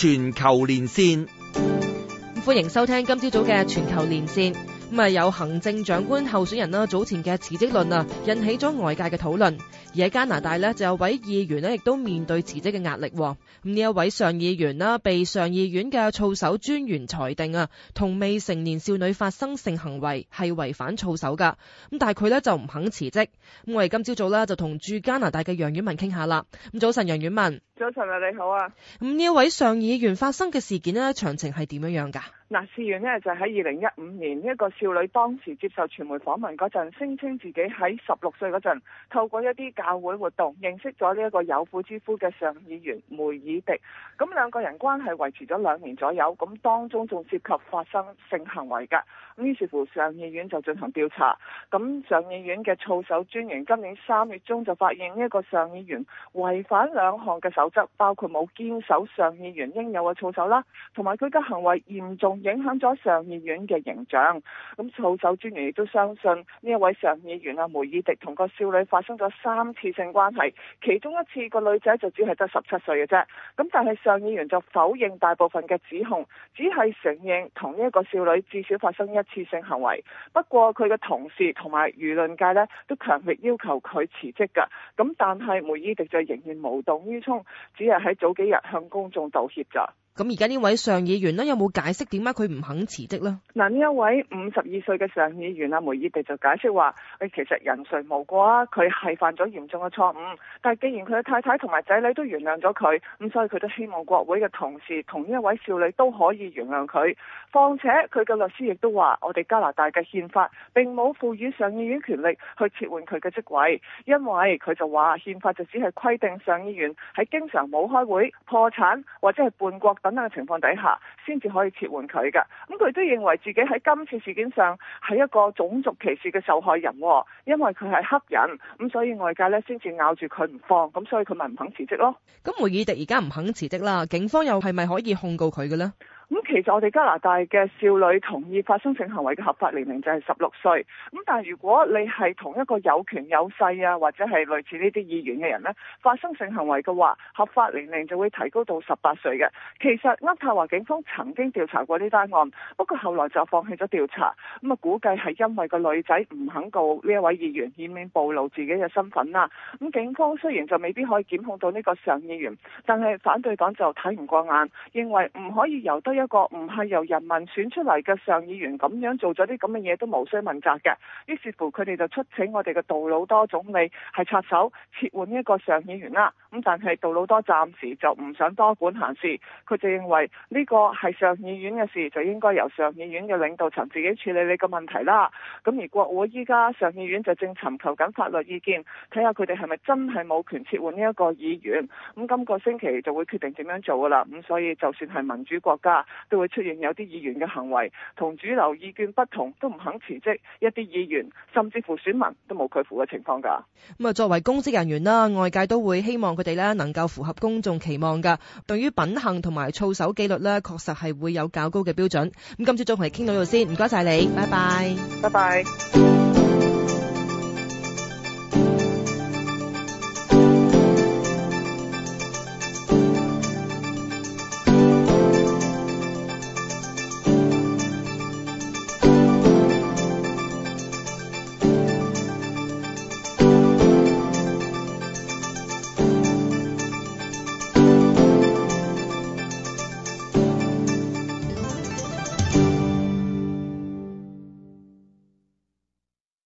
全球連線，歡迎收聽今朝早嘅全球連線。咁啊，有行政長官候選人啦，早前嘅辭職論啊，引起咗外界嘅討論。而喺加拿大咧，就有位議員咧，亦都面對辭職嘅壓力。咁呢位上議員啦，被上議院嘅操守專員裁定啊，同未成年少女發生性行為係違反操守噶。咁但係佢咧就唔肯辭職。咁我哋今朝早咧就同駐加拿大嘅楊婉文傾下啦。咁早晨，楊婉文。早晨啊，你好啊。咁呢位上議員發生嘅事件呢，詳情係點樣樣噶？嗱，事源呢就喺二零一五年，一個少女當時接受傳媒訪問嗰陣，聲稱自己喺十六歲嗰陣，透過一啲教會活動認識咗呢一個有婦之夫嘅上議員梅爾迪。咁兩個人關係維持咗兩年左右，咁當中仲涉及發生性行為噶。咁於是乎上議院就進行調查。咁上議院嘅操守專員今年三月中就發現呢一個上議員違反兩項嘅手。包括冇堅守上議員應有嘅操守啦，同埋佢嘅行為嚴重影響咗上議院嘅形象。咁操守專員亦都相信呢一位上議員啊梅爾迪同個少女發生咗三次性關係，其中一次個女仔就只係得十七歲嘅啫。咁但係上議員就否認大部分嘅指控，只係承認同呢一個少女至少發生一次性行為。不過佢嘅同事同埋輿論界呢都強力要求佢辭職㗎。咁但係梅爾迪就仍然無動於衷。只係喺早幾日向公眾道歉咋。咁而家呢位上議員呢，有冇解釋點解佢唔肯辭職呢？嗱，呢一位五十二歲嘅上議員阿梅爾迪就解釋話：，誒，其實人誰無過啊，佢係犯咗嚴重嘅錯誤。但係既然佢嘅太太同埋仔女都原諒咗佢，咁所以佢都希望國會嘅同事同呢一位少女都可以原諒佢。況且佢嘅律師亦都話：，我哋加拿大嘅憲法並冇賦予上議院權力去撤換佢嘅職位，因為佢就話憲法就只係規定上議員喺經常冇開會、破產或者係叛國。等等嘅情況底下，先至可以撤換佢嘅。咁佢都認為自己喺今次事件上係一個種族歧視嘅受害人喎，因為佢係黑人，咁所以外界咧先至咬住佢唔放，咁所以佢咪唔肯辭職咯。咁梅爾迪而家唔肯辭職啦，警方又係咪可以控告佢嘅呢？咁其實我哋加拿大嘅少女同意發生性行為嘅合法年齡就係十六歲，咁但係如果你係同一個有權有勢啊，或者係類似呢啲議員嘅人呢，發生性行為嘅話，合法年齡就會提高到十八歲嘅。其實渥太華警方曾經調查過呢單案，不過後來就放棄咗調查。咁啊，估計係因為個女仔唔肯告呢一位議員，以免暴露自己嘅身份啦、啊。咁、嗯、警方雖然就未必可以檢控到呢個上議員，但係反對黨就睇唔過眼，認為唔可以由得一個唔係由人民選出嚟嘅上議員，咁樣做咗啲咁嘅嘢，都無需問責嘅，於是乎佢哋就出請我哋嘅杜魯多總理係插手撤換呢一個上議員啦。咁但係杜魯多暫時就唔想多管閒事，佢就認為呢個係上議院嘅事，就應該由上議院嘅領導層自己處理你個問題啦。咁而國會依家上議院就正尋求緊法律意見，睇下佢哋係咪真係冇權撤換呢一個議員。咁、嗯、今個星期就會決定點樣做噶啦。咁所以就算係民主國家都會出現有啲議員嘅行為同主流意見不同，都唔肯辭職，一啲議員甚至乎選民都冇佢符嘅情況㗎。咁啊，作為公職人員啦，外界都會希望佢哋咧能夠符合公眾期望㗎。對於品行同埋操守紀律咧，確實係會有較高嘅標準。咁今朝早同你傾到呢度先，唔該晒你，拜拜，拜拜。拜拜。